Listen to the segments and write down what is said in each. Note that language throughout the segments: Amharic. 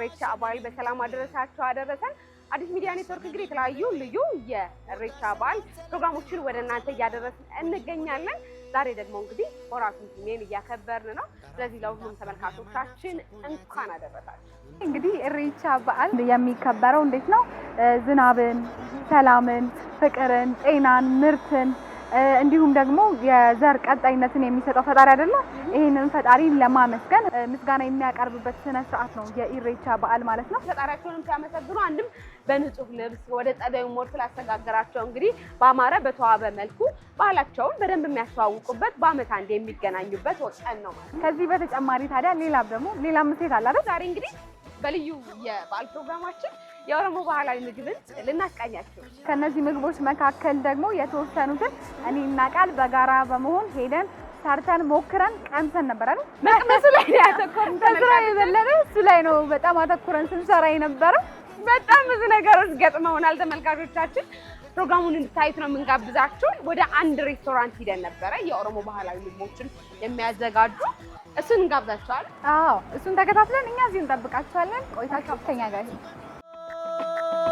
ለኢሬቻ በዓል በሰላም አደረሳችሁ አደረሰን። አዲስ ሚዲያ ኔትወርክ እንግዲህ የተለያዩ ልዩ የኢሬቻ በዓል ፕሮግራሞችን ወደ እናንተ እያደረስን እንገኛለን። ዛሬ ደግሞ እንግዲህ ሆራ ፊንፊኔን እያከበርን ነው። ስለዚህ ለሁሉም ተመልካቾቻችን እንኳን አደረሳችሁ። እንግዲህ ኢሬቻ በዓል የሚከበረው እንዴት ነው? ዝናብን፣ ሰላምን፣ ፍቅርን፣ ጤናን፣ ምርትን እንዲሁም ደግሞ የዘር ቀጣይነትን የሚሰጠው ፈጣሪ አይደለ? ይህንን ፈጣሪ ለማመስገን ምስጋና የሚያቀርብበት ስነ ስርዓት ነው የኢሬቻ በዓል ማለት ነው። ፈጣሪያቸውንም ሲያመሰግኑ አንድም በንጹህ ልብስ ወደ ጸበዩ ሞር ስላስተጋገራቸው እንግዲህ በአማረ በተዋበ መልኩ ባህላቸውን በደንብ የሚያስተዋውቁበት በአመት አንድ የሚገናኙበት ወቀን ነው ማለት ከዚህ በተጨማሪ ታዲያ ሌላ ደግሞ ሌላ ምሴት አላለ ዛሬ እንግዲህ በልዩ የበዓል ፕሮግራማችን የኦሮሞ ባህላዊ ምግብን ልናስቃኛቸው። ከነዚህ ምግቦች መካከል ደግሞ የተወሰኑትን እኔና ቃል በጋራ በመሆን ሄደን ሰርተን ሞክረን ቀምሰን ነበር አይደል? መቅመሱ ላይ ያተኮርን ከስራ የበለጠ እሱ ላይ ነው በጣም አተኩረን ስንሰራ የነበረው። በጣም ብዙ ነገሮች ገጥመውናል። ተመልካቾቻችን ፕሮግራሙን እንድታዩት ነው የምንጋብዛችሁ። ወደ አንድ ሬስቶራንት ሂደን ነበረ የኦሮሞ ባህላዊ ምግቦችን የሚያዘጋጁ እሱን እንጋብዛቸዋለን። አዎ እሱን ተከታትለን እኛ እዚህ እንጠብቃቸዋለን። ቆይታችሁ ከኛ ጋር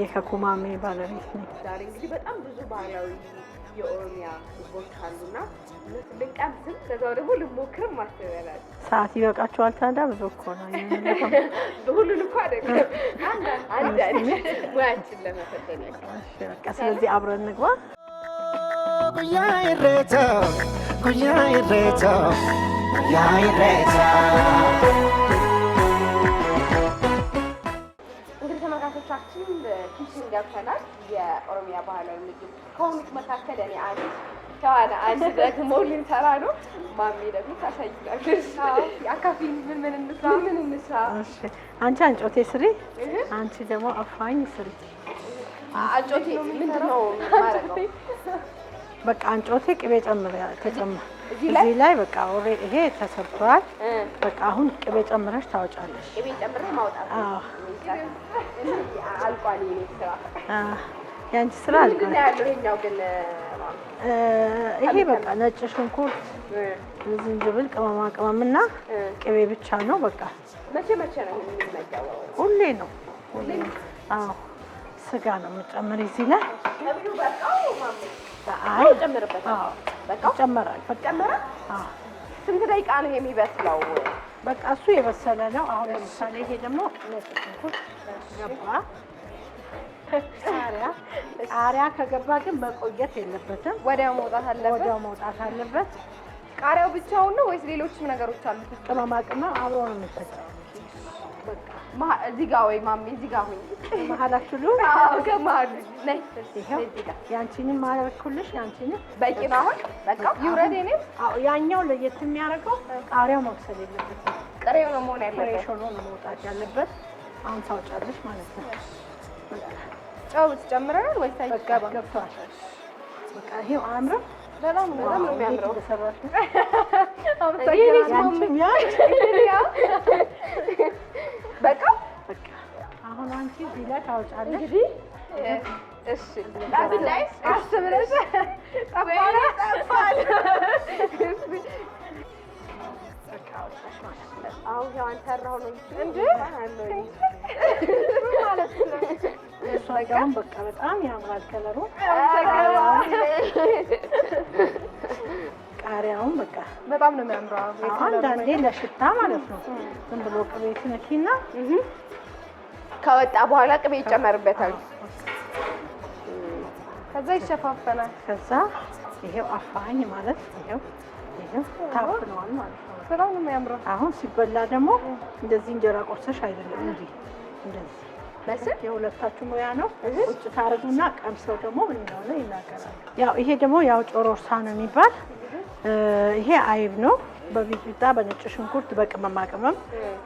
የከኩማሜ ባለቤት ነኝ። ዛሬ እንግዲህ በጣም ብዙ ባህላዊ የኦሮሚያ ምግቦች አሉና ልንቀምስም ከዛው ደግሞ ልሞክርም ማስበላል። ሰዓት ይበቃችኋል? ታዲያ ብዙ እኮ ነው። ሁሉን እኮ አይደለም ሙያችን ለመፈተን በቃ። ስለዚህ አብረን እንግባ። ጉያ ይሬታ ጉያ ይሬታ ጉያ ይሬታ ሁላችን ኪችን ገብተናል። የኦሮሚያ ባህላዊ ምግብ ከሆኑት መካከል እኔ አንድ ከኋላ አንድ ደግሞ ልንሰራ ነው። ማሜ ደግሞ ታሳይናለሽ። አካፊ ምን ምን እንስራ ምን እንስራ? አንቺ አንጮቴ ስሪ፣ አንቺ ደግሞ አፋኝ ስሪ። አንጮቴ ምንድን ነው ማረገው? በቃ አንጮቴ ቅቤ ጨምረ ተጨምረ እዚህ ላይ በቃ ይሄ ተሰርቷል። በቃ አሁን ቅቤ ጨምረሽ ታወጫለሽ። ቅቤ ጨምረሽ ማውጣት። የአንቺ ስራ አልቋል። ይሄ በቃ ነጭ ሽንኩርት፣ ዝንጅብል፣ ቅመማ ቅመም እና ቅቤ ብቻ ነው። በቃ መቼ መቼ ነው? ሁሌ ነው። አዎ ስጋ ነው የምጨምር እዚህ ላይ ይጨምራል። ስንት ደቂቃ ነው የሚበስለው? በቃ እሱ የበሰለ ነው። አሁን ለምሳሌ ይሄ ደግሞ ነጭ ሽንኩርት ገባ። ቃሪያ ከገባ ግን መቆየት የለበትም፣ ወዲያው መውጣት አለበት፣ ወዲያው መውጣት አለበት። ቃሪያው ብቻውን ነው ወይስ ሌሎችም ነገሮች አሉት? ቅመማ ቅመም አብሮ ነው የሚፈጨው እዚህ ጋ ወይ ማሜ እዚህ ጋ ሁኚ። መሀላችሁ ልሁን። ከመሀል ነይ። ያንቺንም ማረኩልሽ። ያንቺንም በቂ ነው። አሁን በቃ ይውረድ። እኔም ያኛው ለየት የሚያደርገው ቃሪያው መብሰል የለበትም። ቅሬው ነው መሆን ያለበት። ሾሎ ነው መውጣት ያለበት። አሁን ታውጫለሽ ማለት ነው። ጨው ትጨምረናል ወይስ አይገባም? ገብቷል። በቃ ይሄው አያምርም? በጣም በጣም ነው የሚያምረው። በቃ አሁን አንቺ እዚህ ላይ ታወጫለሽ። እንግዲህ እሺ፣ ላይ ቀስ ብለሽ ጠፋል ጠፋል። አሁን ያው አልሰራሁ ነው እንጂ ማለት ነው። በቃ በጣም ያምራል ከለሩ በጣም ነው የሚያምረው። አንዳንዴ ለሽታ ማለት ነው ዝም ብሎ ቅቤት ነኪና ከወጣ በኋላ ቅቤ ይጨመርበታል። ከዛ ይሸፋፈናል። ከዛ ይሄው አፋኝ ማለት ይሄው ይሄው ታፍነዋል ማለት ነው። በጣም ነው የሚያምረው። አሁን ሲበላ ደግሞ እንደዚህ እንጀራ ቆርሰሽ አይደለም እንጂ እንደዚህ መስል የሁለታችሁ ሙያ ነው። ቁጭ ታረጉና ቀምሰው ደግሞ ምን እንደሆነ ይናገራል። ያው ይሄ ደግሞ ያው ጮሮርሳ ነው የሚባል ይሄ አይብ ነው። በቢጫ በነጭ ሽንኩርት በቅመማ ቅመም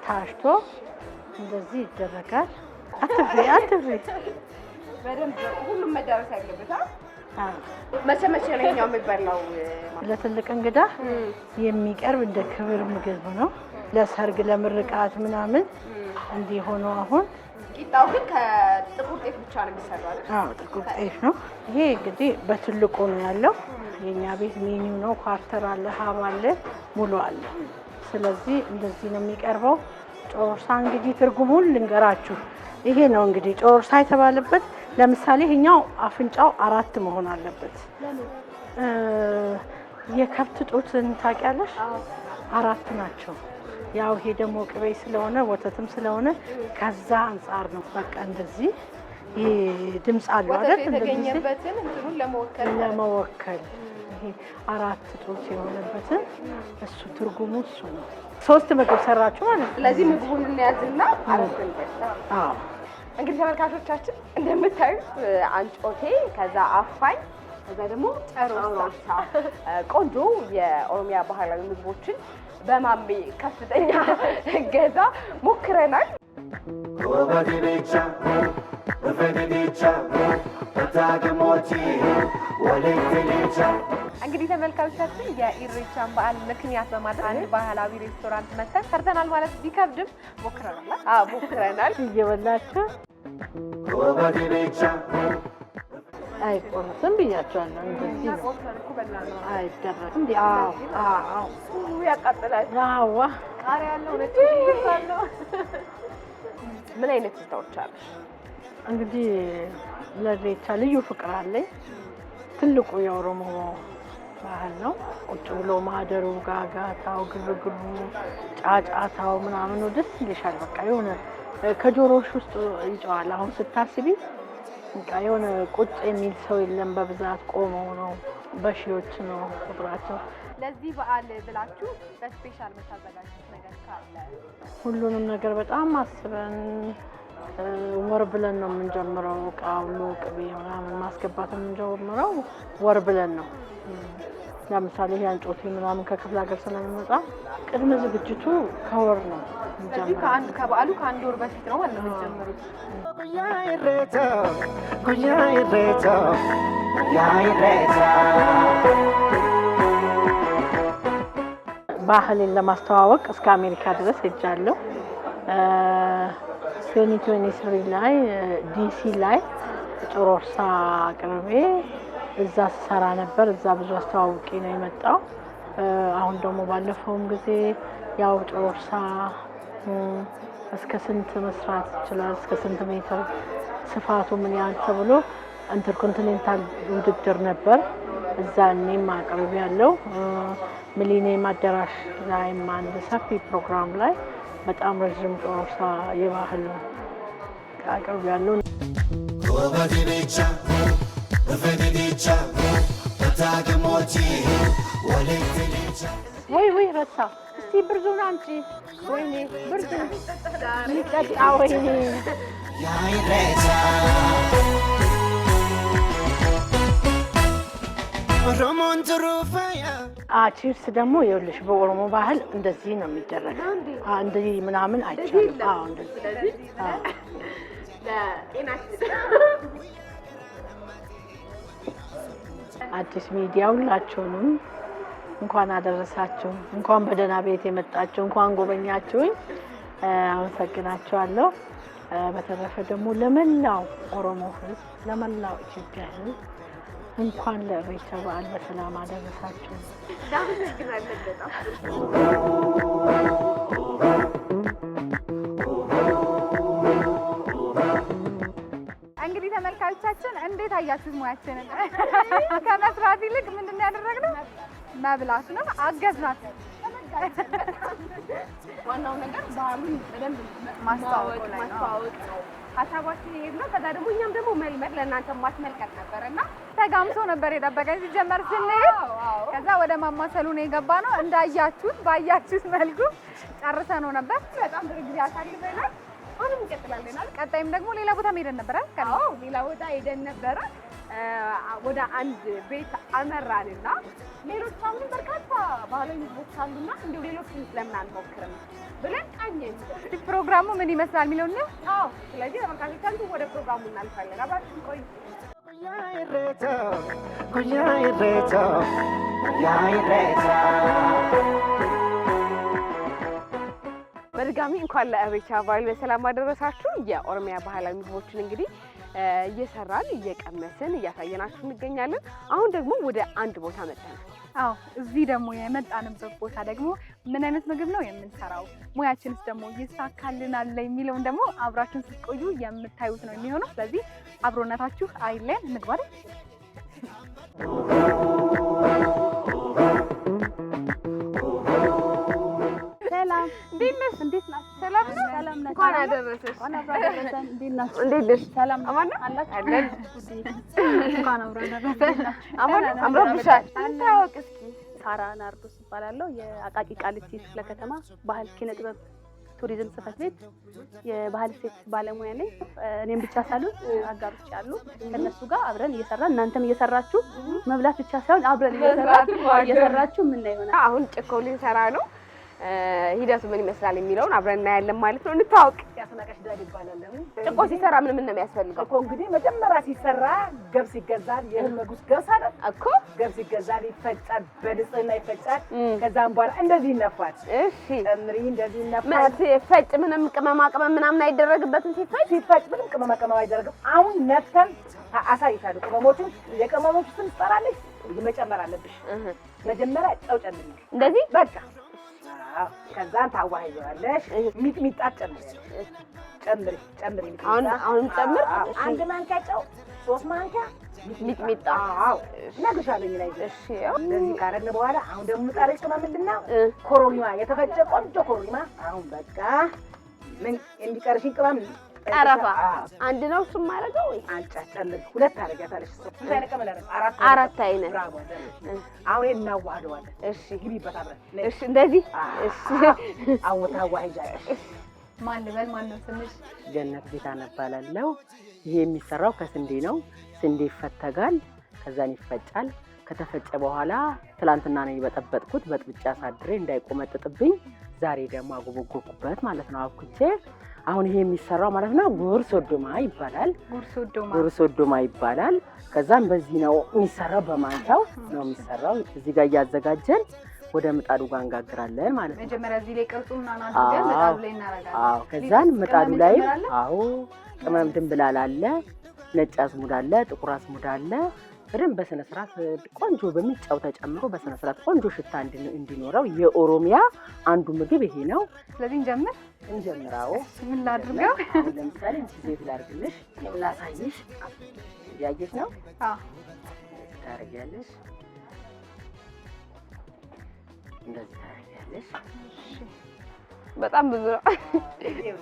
ታሽቶ እንደዚህ ይደረጋል። አትፍሪ አትፍሪ፣ በደንብ ሁሉም መዳረስ ያለበት። መቼ መቼ ነው ይሄኛው የሚበላው? ለትልቅ እንግዳ የሚቀርብ እንደ ክብር ምግብ ነው። ለሰርግ ለምርቃት ምናምን እንዲህ ሆኖ አሁን ቂጣው ግን ከጥቁር ጤፍ ብቻ ነው የሚሰራው። አዎ ጥቁር ጤፍ ነው። ይሄ እንግዲህ በትልቁ ነው ያለው የእኛ ቤት ሜኒው ነው። ኳርተር አለ፣ ሀብ አለ፣ ሙሉ አለ። ስለዚህ እንደዚህ ነው የሚቀርበው። ጮርሳ እንግዲህ ትርጉሙን ልንገራችሁ። ይሄ ነው እንግዲህ ጮርሳ የተባለበት። ለምሳሌ ይሄኛው አፍንጫው አራት መሆን አለበት። የከብት ጡት ታውቂያለሽ? አራት ናቸው። ያው ይሄ ደግሞ ቅቤ ስለሆነ ወተትም ስለሆነ ከዛ አንጻር ነው። በቃ እንደዚህ ድምፅ አለው አይደል? ለመወከል ይሄ አራት ጡት የሆነበትን እሱ ትርጉሙ እሱ ነው። ሶስት ምግብ ሰራችሁ ማለት ነው። ስለዚህ ምግቡን እንያዝና እንግዲህ ተመልካቾቻችን እንደምታዩት አንጮቴ፣ ከዛ አፋኝ፣ ከዛ ደግሞ ጨሮሳ ቆንጆ የኦሮሚያ ባህላዊ ምግቦችን በማሜ ከፍተኛ እገዛ ሞክረናል። እንግዲህ ተመልካቾቻችን የኢሬቻን በዓል ምክንያት በማድረግ አንድ ባህላዊ ሬስቶራንት መተን ሰርተናል ማለት ቢከብድም ሞክረናል። አዎ ሞክረናል። እየበላችሁ አይቆምስም ብያቸዋለሁ። ምን አይነት ስታዎች አለሽ? እንግዲህ ለኢሬቻ ልዩ ፍቅር አለኝ። ትልቁ የኦሮሞ ባህል ነው። ቁጭ ብሎ ማደሩ፣ ጋጋታው፣ ግርግሩ፣ ጫጫታው ምናምኑ ደስ ይልሻል። በቃ የሆነ ከጆሮዎች ውስጥ ይጨዋል። አሁን ስታስቢ በቃ የሆነ ቁጭ የሚል ሰው የለም። በብዛት ቆመው ነው፣ በሺዎች ነው ቁጥራቸው። ለዚህ በዓል ብላችሁ በስፔሻል የምታዘጋጁት ነገር ካለ ሁሉንም ነገር በጣም አስበን ወር ብለን ነው የምንጀምረው። እቃ ሁሉ ቅቤ ምናምን ማስገባት የምንጀምረው ወር ብለን ነው። ለምሳሌ ያንጮቴ ምናምን ከክፍለ ሀገር ስለሚመጣ ቅድመ ዝግጅቱ ከወር ነው ከበዓሉ ከአንድ ወር በፊት ነው ማለት ነው ባህልን ለማስተዋወቅ እስከ አሜሪካ ድረስ ሄጃለሁ። ቶኒ ላይ ዲሲ ላይ ጭሮርሳ ቅርቤ እዛ ስሰራ ነበር። እዛ ብዙ አስተዋውቂ ነው የመጣው። አሁን ደግሞ ባለፈውም ጊዜ ያው ጭሮርሳ እስከ ስንት መስራት ይችላል፣ እስከ ስንት ሜትር ስፋቱ ምን ያህል ተብሎ ኢንተርኮንቲኔንታል ውድድር ነበር። እዛ እኔም አቅርቤ ያለው ሚሊኒየም አዳራሽ ላይም አንድ ሰፊ ፕሮግራም ላይ በጣም ረዥም ጮሮሳ የባህል አቅርብ ያለው ወይ ወይ ረታ እስቲ ብርዙን አምጪ። ወይኔ ብርዙ ይጠጣ። ወይኔ ሮሞን ትሩፋያ ቺፕስ ደግሞ ይኸውልሽ፣ በኦሮሞ ባህል እንደዚህ ነው የሚደረግ። እንደዚህ ምናምን አይቻልም። አዲስ ሚዲያ ሁላችሁንም እንኳን አደረሳችሁ፣ እንኳን በደህና ቤት የመጣችሁ፣ እንኳን ጎበኛችሁኝ። አመሰግናችኋለሁ። በተረፈ ደግሞ ለመላው ኦሮሞ ሕዝብ ለመላው ኢትዮጵያ ሕዝብ እንኳን ለኢሬቻ በዓል በሰላም አደረሳችሁ። እንግዲህ ተመልካቾቻችን እንዴት አያችሁ? ሙያችንን ከመስራት ይልቅ ምንድን ነው ያደረግነው? መብላት ነው። አገዝናት። ዋናው ነገር ባህሉን በደንብ ማስተዋወቅ ነው። ሀሳባችን ይሄድ ነው። ከዛ ደግሞ እኛም ደግሞ መልመድ ለእናንተ ማስመልከት ነበር እና ተጋምሶ ነበር የጠበቀኝ ሲጀመር ስንሄድ፣ ከዛ ወደ ማማሰሉ ነው የገባ ነው። እንዳያችሁት ባያችሁት መልኩ ጨርሰ ነው ነበር። በጣም ብዙ ጊዜ አሳልፈናል። አሁንም እንቀጥላለን። ቀጣይም ደግሞ ሌላ ቦታ ሄደን ነበረ። ሌላ ቦታ ሄደን ነበረ ወደ አንድ ቤት አመራንና ሌሎች አሁንም በርካታ ባህላዊ ምግቦች አሉና እንዲሁ ሌሎችን ስለምን አንሞክርም ብለን ቃኘን። ፕሮግራሙ ምን ይመስላል የሚለውን ነው። ስለዚህ ወደ ፕሮግራሙ እናልፋለን። በድጋሚ እንኳን ለኢሬቻ በዓል በሰላም አደረሳችሁ። የኦሮሚያ ባህላዊ ምግቦችን እንግዲህ እየሰራን እየቀመስን እያሳየናችሁ እንገኛለን። አሁን ደግሞ ወደ አንድ ቦታ መጥተናል። አዎ እዚህ ደግሞ የመጣንበት ቦታ ደግሞ ምን አይነት ምግብ ነው የምንሰራው፣ ሙያችንስ ደግሞ ይሳካልናል የሚለውን ደግሞ አብራችን ስትቆዩ የምታዩት ነው የሚሆነው። ስለዚህ አብሮነታችሁ አይለየን። ምግባር ሳራ ናርዶስ እባላለሁ። የአቃቂ ቃሊቲ ክፍለ ከተማ ባህል ኪነ ጥበብ ቱሪዝም ጽሕፈት ቤት የባህል ሴት ባለሙያ ነኝ። እኔም ብቻ ሳልሆን አጋሮች ያሉ ከነሱ ጋር አብረን እየሰራን እናንተም እየሰራችሁ መብላት ብቻ ሳይሆን አብረን እየሰራችሁ የምና ይሆናል። አሁን ጭኮ ልንሰራ ነው ሂደቱ ምን ይመስላል የሚለውን አብረን እናያለን ማለት ነው። እንታወቅ ጭቆ ሲሰራ ምን ምን ነው የሚያስፈልገው? እኮ እንግዲህ መጀመሪያ ሲሰራ ገብስ ይገዛል። የእህል መጉስ ገብስ አለ እኮ ገብስ ይገዛል፣ ይፈጫል፣ በንጽህና ይፈጫል። ከዛም በኋላ እንደዚህ ይነፋል። እሺ ጨምሪ፣ እንደዚህ ይነፋል። ሲፈጭ ምንም ቅመማ ቅመም ምናምን አይደረግበትም። ሲፈጭ ሲፈጭ ምንም ቅመማ ቅመም አይደረግም። አሁን ነፍተን አሳይሻለሁ። ቅመሞችን የቅመሞችን ስም ትጠራለች፣ መጨመር አለብሽ። መጀመሪያ ጨው ጨምሪ፣ እንደዚህ በቃ ከዛን ታዋህያለሽ። ሚጥሚጣ ጨምሪ ጨምሪ ጨምሪ። አሁን አሁን ጨምር። አንድ ማንኪያ ጨው፣ ሶስት ማንኪያ ሚጥሚጣ። አዎ ነግሻለኝ ላይ እሺ። እንደዚህ ካረግን በኋላ አሁን ደግሞ ጣሪቅ ቅመም ምንድን ነው? ኮሮሪማ፣ የተፈጨ ቆንጆ ኮሮሪማ። አሁን በቃ ምን እንዲቀርሽ ቅመም ጠረፋ አንድ ነው። እሱም ማረገው አራት አይነት አሁን እናዋህደዋለን። እሺ ግቢበት አብረን። እሺ እንደዚህ እሺ። አውታ ዋህጃለሽ። ማን ልበል ማን ነው ስምሽ? ጀነት ጌታነው እባላለሁ። ይሄ የሚሰራው ከስንዴ ነው። ስንዴ ይፈተጋል፣ ከዛን ይፈጫል። ከተፈጨ በኋላ ትላንትና ነው የበጠበጥኩት። በጥብጫ አሳድሬ እንዳይቆመጥጥብኝ ዛሬ ደግሞ አጎበጎኩበት ማለት ነው አብኩቼ አሁን ይሄ የሚሰራው ማለት ነው ጉርስ ወዶማ ይባላል። ጉርስ ወዶማ ይባላል። ከዛም በዚህ ነው የሚሰራው፣ በማንኪያው ነው የሚሰራው። እዚህ ጋር እያዘጋጀን ወደ ምጣዱ ጋር እንጋግራለን ማለት ነው። መጀመሪያ እዚህ ላይ ቅርጹ ምናምን ምጣዱ ላይ ከዛን ምጣዱ ላይ አዎ፣ ቅመም ድንብላል አለ፣ ነጭ አዝሙድ አለ፣ ጥቁር አዝሙድ አለ በደንብ በስነ ቆንጆ በሚጫው ተጨምሮ በስነ ቆንጆ ሽታ እንዲኖረው የኦሮሚያ አንዱ ምግብ ይሄ ነው። ስለዚህ እንጀምር እንጀምራው። ምን ላድርገው? ለምሳሌ ዘይት ላድርግልሽ፣ ላሳይሽ። ያየሽ ነው ታደርጊያለሽ፣ እንደዚህ ታደርጊያለሽ። በጣም ብዙ ነው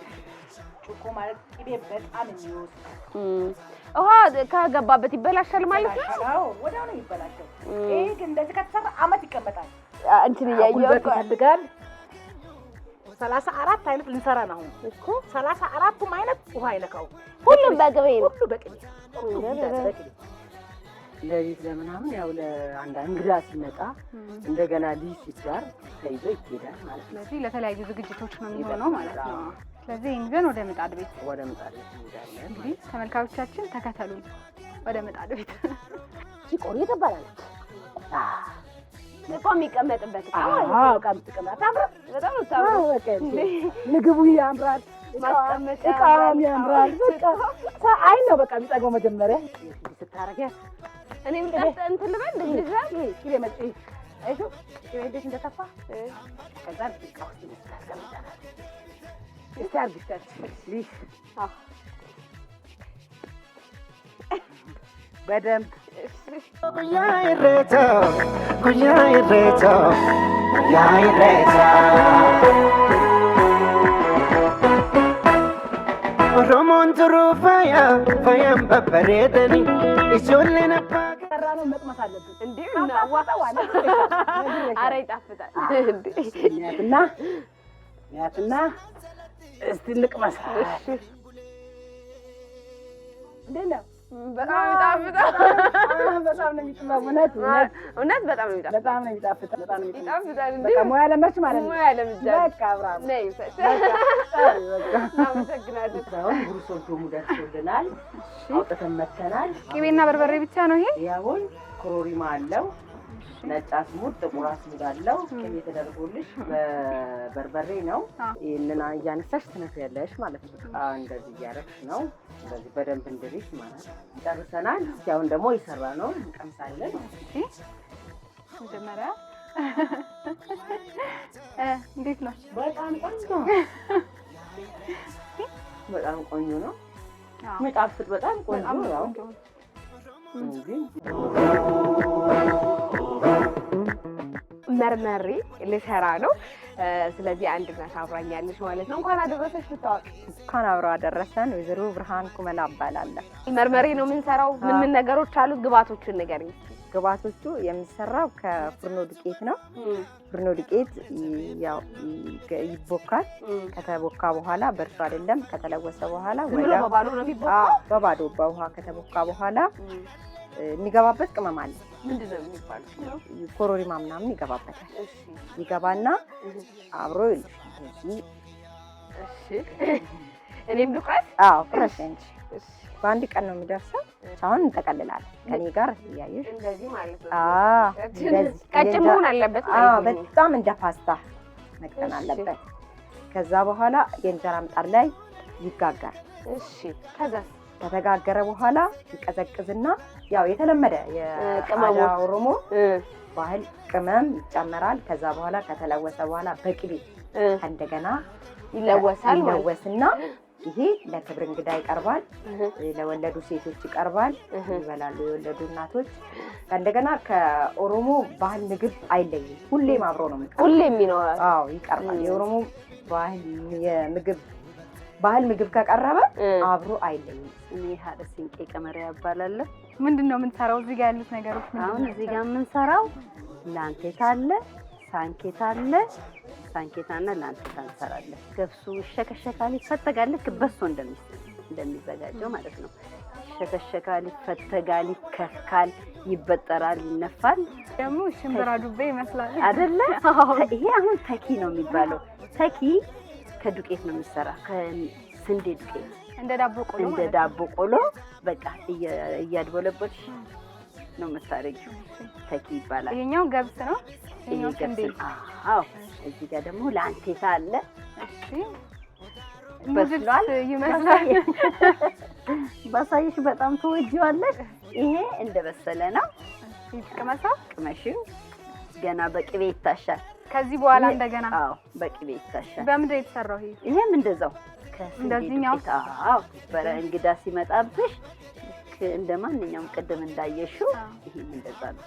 ጩኮ ማለት ቅቤ በጣም የሚወስድ ውሃ ከገባበት ይበላሻል ማለት ነው። አዎ ወዲያው ነው ይበላሻል። ይሄ ግን እንደዚህ ከተሰራ አመት ይቀመጣል። እንትን እያየሁ እኮ ይፈልጋል። ሰላሳ አራት አይነት ልንሰራ ነው አሁን እኮ ሰላሳ አራቱም አይነት ውሃ አይነካው። ሁሉም በቅቤ ነው፣ ሁሉ በቅቤ ለቤት ለምናምን ያው ለአንዳንድ እንግዳ ሲመጣ እንደገና ሊስ ሲባል ተይዞ ይሄዳል ማለት ነው። ስለዚህ ለተለያዩ ዝግጅቶች ነው የሚሆነው ማለት ነው። ስለዚህ ይዘን ወደ ምጣድ ቤት ወደ ምጣድ ቤት እንሄዳለን። እንግዲህ ተመልካቾቻችን ተከተሉ። ወደ ምጣድ ቤት ሲቆሪ ትባላለች። እቃው የሚቀመጥበት ምግቡ ያምራል፣ እቃም ያምራል። በቃ አይ ነው በቃ የሚጠገው መጀመሪያ ስታረጊያት እኔ እንትን ልበል አይዞህ እንዴት እንደተፋ ከዛ በደንብ ኦሮሞን ቱሩ ፋያ ፋያም በበሬተኒ ijoolleen abbaa. እየሰራ ነው መቅመስ አለብን። ኧረ ይጣፍጣል። እና እስቲ እንቅመስ። በጣም ይጣፍጣል። በጣም ነው የሚጥመው። እውነት እውነት በጣም ነው በጣም ነው የሚጣፍጥ በጣም ነው ይጣፍጣል። በቃ ሙያ ለመድሽ ማለት ነው። ሙያ ለምጃ በቃ ብራም ነይ አመሰግናለሁ። ጉርሶቹ ሙዳችሁልናል፣ አውጥተን መተናል። ቅቤና በርበሬ ብቻ ነው ይሄ ያሁን ኮሮሪማ አለው ነጭ አዝሙድ፣ ጥቁር አዝሙድ አለው። ቅቤ ተደርጎልሽ በበርበሬ ነው። ይህንን እያነሳሽ ትነክሪያለሽ ማለት ነው። እንደዚህ እያደረግሽ ነው። እንደዚህ በደንብ እንድሪሽ ማለት ጨርሰናል። እስኪያሁን ደግሞ የሰራ ነው እንቀምሳለን። መጀመሪያ እንዴት ነው? በጣም ቆንጆ በጣም ቆንጆ ነው። የሚጣፍጥ በጣም ቆንጆ ነው። መርመሬ ልሰራ ነው። ስለዚህ አንድ እናት አብራኛለች ማለት ነው። እንኳን አደረሰች ብታወቅ። እንኳን አብሮ አደረሰን። ወይዘሮ ብርሃን ኩመላ እባላለሁ። መርመሬ ነው የምንሰራው። ምን ምን ነገሮች አሉት? ግባቶቹን ነገር ግባቶቹ የሚሰራው ከፍርኖ ዱቄት ነው። ፍርኖ ዱቄት ይቦካል። ከተቦካ በኋላ በእርሾ አይደለም፣ ከተለወሰ በኋላ በባዶ በባዶ በውሃ ከተቦካ በኋላ የሚገባበት ቅመም አለ። ኮሮሪማ ምናምን ይገባበታል። ይገባና አብሮ እኔም ፍረሽ እንጂ በአንድ ቀን ነው የሚደርሰው። አሁን እንጠቀልላለን ከኔ ጋር እያየሽ ቀጭን መሆን አለበት። በጣም እንደ ፓስታ መቅጠን አለበት። ከዛ በኋላ የእንጀራ ምጣድ ላይ ይጋጋል። ከተጋገረ በኋላ ይቀዘቅዝና ያው የተለመደ የቅመሙ ኦሮሞ ባህል ቅመም ይጨመራል። ከዛ በኋላ ከተለወሰ በኋላ በቅቤ እንደገና ይለወሳል። ይለወስና ይሄ ለክብር እንግዳ ይቀርባል። ለወለዱ ሴቶች ይቀርባል፣ ይበላሉ የወለዱ እናቶች። እንደገና ከኦሮሞ ባህል ምግብ አይለይም፣ ሁሌም አብሮ ነው። ሁሌም ይኖራል፣ ይቀርባል። የኦሮሞ ባህል የምግብ ባህል ምግብ ከቀረበ አብሮ አይለኝም። እኔ ሀደ ስንቄ ቀመሪያ እባላለሁ። ምንድን ነው የምንሰራው? እዚህ ጋር ያሉት ነገሮች አሁን እዚህ ጋር የምንሰራው ላንቴት አለ፣ ሳንኬት አለ። ሳንኬታና ላንቴታ እንሰራለን። ገብሱ ይሸከሸካል፣ ይፈተጋል። ልክ በሶ እንደሚዘጋጀው ማለት ነው። ይሸከሸካል፣ ይፈተጋል፣ ይከካል፣ ይበጠራል፣ ይነፋል። ደግሞ ሽምብራ ዱቤ ይመስላል አደለ? ይሄ አሁን ተኪ ነው የሚባለው ተኪ ከዱቄት ነው የሚሰራ ከስንዴ ዱቄት እንደ ዳቦ ቆሎ እንደ ዳቦ ቆሎ በቃ እያድበለበልሽ ነው የምታደርጊው። ተኪ ይባላል። ይሄኛው ገብስ ነው። ይሄኛው ስንዴ። አዎ። እዚህ ጋር ደግሞ ለአንቴታ አለ። እሺ በስሏል ይመስላል። ባሳየሽ በጣም ትወጂዋለሽ። ይሄ እንደበሰለ ነው። ቅመሳ ቅመሽው ገና በቅቤ ይታሻል። ከዚህ በኋላ እንደገና አዎ፣ በቅቤ ይታሻል። በምንድን ነው የተሰራው? ይሄ ይሄም እንደዛው እንደዚህኛው። አዎ፣ እንግዳ ሲመጣብሽ እንደ ማንኛውም ቅድም እንዳየሽው ይሄም እንደዛ ነው።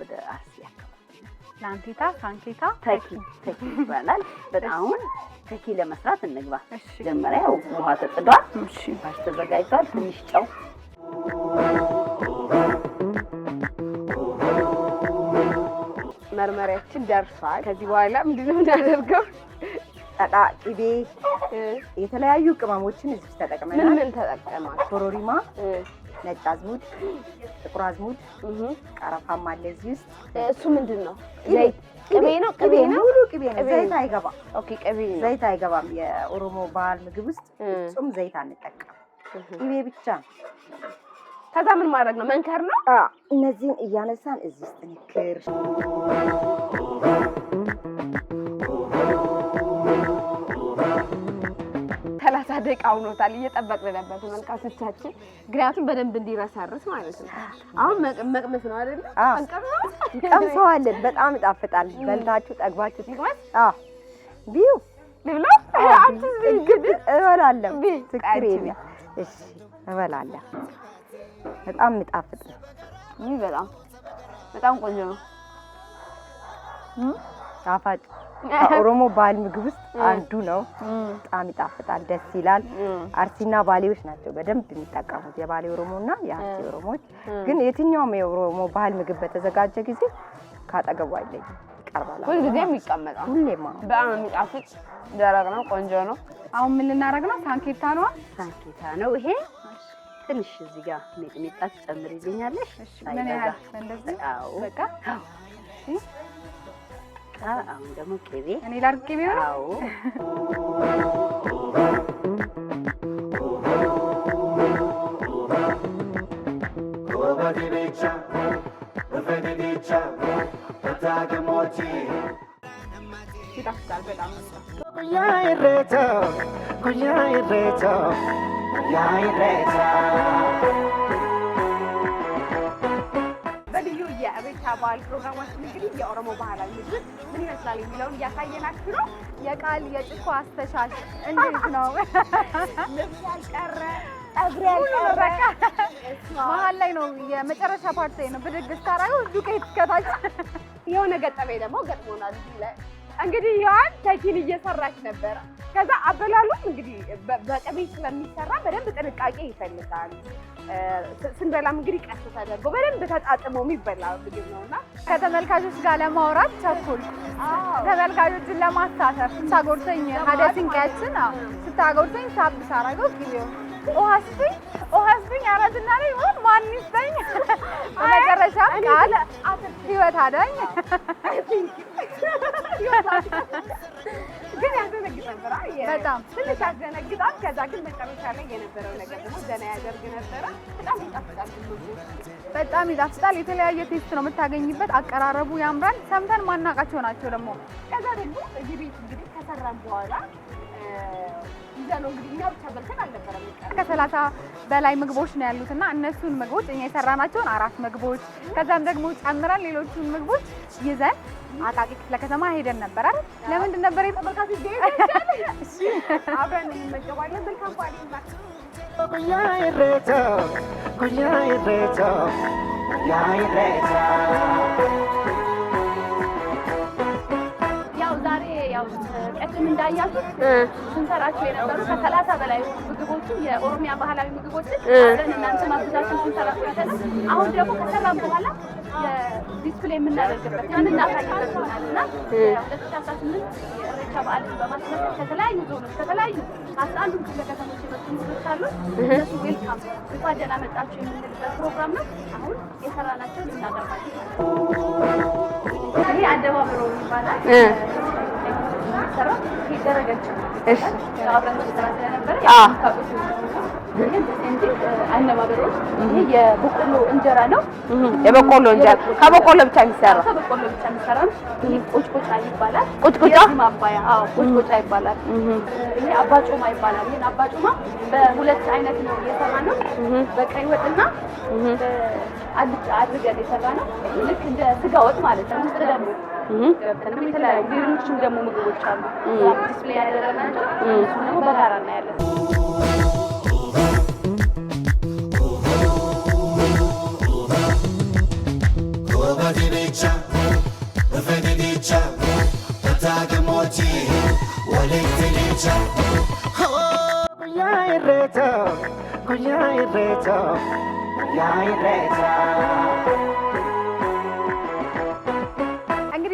ወደ አርሲ አካባቢ ላንቲታ ሳንቲታ ተኪ ተኪ ይባላል። በጣም አሁን ተኪ ለመስራት እንግባ። መጀመሪያ ውሃ ተጥዷል፣ እሺ ባሽ ተዘጋጅቷል፣ ትንሽ ጨው መርመሪያችን ደርሷል። ከዚህ በኋላ ምንድነው የምናደርገው? ጠጣ ቅቤ፣ የተለያዩ ቅመሞችን እዚህ ተጠቅመናል። ምን ምን ተጠቅመናል? ኮሮሪማ፣ ነጭ አዝሙድ፣ ጥቁር አዝሙድ፣ ቀረፋም አለ እዚህ ውስጥ። እሱ ምንድን ነው? ቅቤ ነው። ቅቤ ነው፣ ሙሉ ቅቤ ነው። ዘይት አይገባም። ኦኬ፣ ቅቤ ነው፣ ዘይት አይገባም። የኦሮሞ ባህል ምግብ ውስጥ ጹም ዘይት አንጠቀም፣ ቅቤ ብቻ ከዛ ምን ማድረግ ነው? መንከር ነው። እነዚህን እያነሳን እዚህ ውስጥ ንክር ሰላሳ ደቂቃ ሆኖታል። እየጠበቅን ነበር ተመልካቾቻችን፣ ምክንያቱም በደንብ እንዲረሰርስ ማለት ነው። አሁን መቅመስ ነው አይደለ? ቀምሰዋለን። በጣም ይጣፍጣል። በልታችሁ ጠግባችሁ ትግመስ ቢዩ ልብላ እበላለሁ። ትክክል እበላለሁ። በጣም የሚጣፍጥ ነው። ይህ በጣም በጣም ቆንጆ ነው። ጣፋጭ ከኦሮሞ ባህል ምግብ ውስጥ አንዱ ነው። በጣም ይጣፍጣል፣ ደስ ይላል። አርሲና ባሌዎች ናቸው በደንብ የሚጠቀሙት የባሌ ኦሮሞና የአርሲ ኦሮሞዎች። ግን የትኛውም የኦሮሞ ባህል ምግብ በተዘጋጀ ጊዜ ካጠገቡ አይለኝም፣ ይቀርባል። ጊዜ የሚቀመጣ ሁሌማ በጣም የሚጣፍጥ ደረቅ ነው፣ ቆንጆ ነው። አሁን ምን ልናደርግ ነው? ሳንኬታ ነዋ፣ ሳንኬታ ነው ይሄ ትንሽ እዚህ ጋር ሚጥሚጣ ትጨምሪልኛለሽ። ምን ያህል አሁን ደግሞ ቅቤ እኔ ላድርግ። ቅቤ አዎ ይጣፍጣል በጣም በልዩ የኢሬቻ በዓል ፕሮግራማችን እንግዲህ የኦሮሞ ባህላዊ ምግብ ምን ይመስላል የሚለውን እያሳየናችሁ ነው። የቃል የጭኮ አስተሻሽ እንዴት ነው? ልብስ ያልቀረ መሀል ላይ ነው የመጨረሻ ፓርት ላይ ነው ብድግ ስታደርገው ዱቄት እስከታች የሆነ ገጠመኝ ደግሞ ገጥሞናል። እንግዲህ ይኸዋን ተኪን እየሰራች ነበር። ከዛ አበላሉም እንግዲህ በቅቤ ስለሚሰራ በደንብ ጥንቃቄ ይፈልጋል። ስንበላም እንግዲህ ቀስ ተደርጎ በደንብ ተጣጥሞ የሚበላ ምግብ ነው እና ከተመልካቾች ጋር ለማውራት ቸኩል ተመልካቾችን ለማሳተፍ ስታጎርሰኝ ሀደ ስንቄያችን ስታጎርሰኝ ሳብ ሳራገው ጊዜው ውሃስኝ ውሃስኝ ላይ ማን ይስጠኝ ቃል ህይወት አዳኝ ግን በጣም ትንሽ ከዛ ግን መጨረሻ ላይ የነበረው ነገር ደግሞ ዘና ያደርግ ነበረ። በጣም ይጣፍጣል፣ በጣም ይጣፍጣል። የተለያየ ቴስት ነው የምታገኝበት። አቀራረቡ ያምራል። ሰምተን ማናቃቸው ናቸው ደግሞ ከዛ ደግሞ እዚህ ቤት እንግዲህ ከሰራን በኋላ ነው እንግዲህ እኛ ብቻ በልተን አልነበረም። ከሰላሳ በላይ ምግቦች ነው ያሉት እና እነሱን ምግቦች እኛ የሰራናቸውን አራት ምግቦች ከዛም ደግሞ ጨምረን ሌሎቹን ምግቦች ይዘን አቃቂ ክፍለ ከተማ ሄደን ነበር አይደል? ለምንድን ነበር የተመልካቱ ቅድም እንዳያችሁት ስንሰራቸው የነበሩ ከሰላሳ በላይ ምግቦች የኦሮሚያ ባህላዊ ምግቦችን አብረን እናንተ ማብዛችን ስንሰራቸው ያለ አሁን ደግሞ ከሰራም በኋላ ዲስፕሌይ የምናደርግበት የምናሳይበት ይሆናል እና ሁለት ሺ አስራ ስምንት የኢሬቻ በዓልን በማስመሰል ከተለያዩ ዞኖች ከተለያዩ አስራ አንዱ ክፍለ ከተሞች የመጡ ምግቦች አሉ። እነሱ ዌልካም እንኳን ደህና መጣችሁ የምንልበት ፕሮግራም ነው። አሁን የሰራናቸው ልናቀርባቸው ይሄ አደባብሮ ይባላል። ስለተሰራ ይደረገችው አብረን ስለነበረ የበቆሎ እንጀራ ነው። የበቆሎ እንጀራ ከበቆሎ ብቻ የሚሰራ ከበቆሎ ብቻ የሚሰራ ቁጭቁጫ ይባላል። ቁጭቁጫ ማባያ። ቁጭቁጫ ይባላል። ይሄ አባጮማ ይባላል። ይሄን አባጮማ በሁለት አይነት ነው የሰራነው፣ በቀይ ወጥና አልጫ አድርገን የሰራነው ልክ እንደ ስጋ ወጥ ማለት ነው። ውስጥ ደግሞ የተለያዩ ሌሎችም ደግሞ ምግቦች አሉ ዲስፕሌይ ያደረግናቸው። እሱ ደግሞ በጋራ እናያለን። እንግዲህ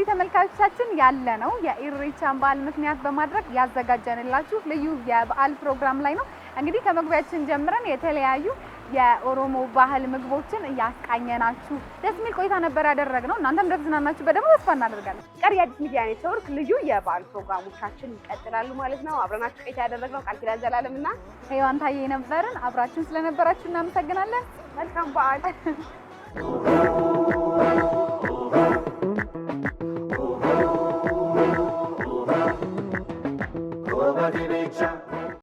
ተመልካቾቻችን ያለ ነው የኢሬቻን በዓል ምክንያት በማድረግ ያዘጋጀንላችሁ ልዩ የበዓል ፕሮግራም ላይ ነው። እንግዲህ ከመግቢያችን ጀምረን የተለያዩ የኦሮሞ ባህል ምግቦችን እያስቃኘናችሁ ደስ የሚል ቆይታ ነበር ያደረግነው። እናንተም እንደተዝናናችሁበት በደግሞ ተስፋ እናደርጋለን። ቀሪ አዲስ ሚዲያ ኔትወርክ ልዩ የበዓል ፕሮግራሞቻችን ይቀጥላሉ ማለት ነው። አብረናችሁ ቆይታ ያደረግነው ቃል ኪዳን ዘላለም እና ሔዋን ታዬ ነበርን። አብራችሁን ስለነበራችሁ እናመሰግናለን። መልካም በዓል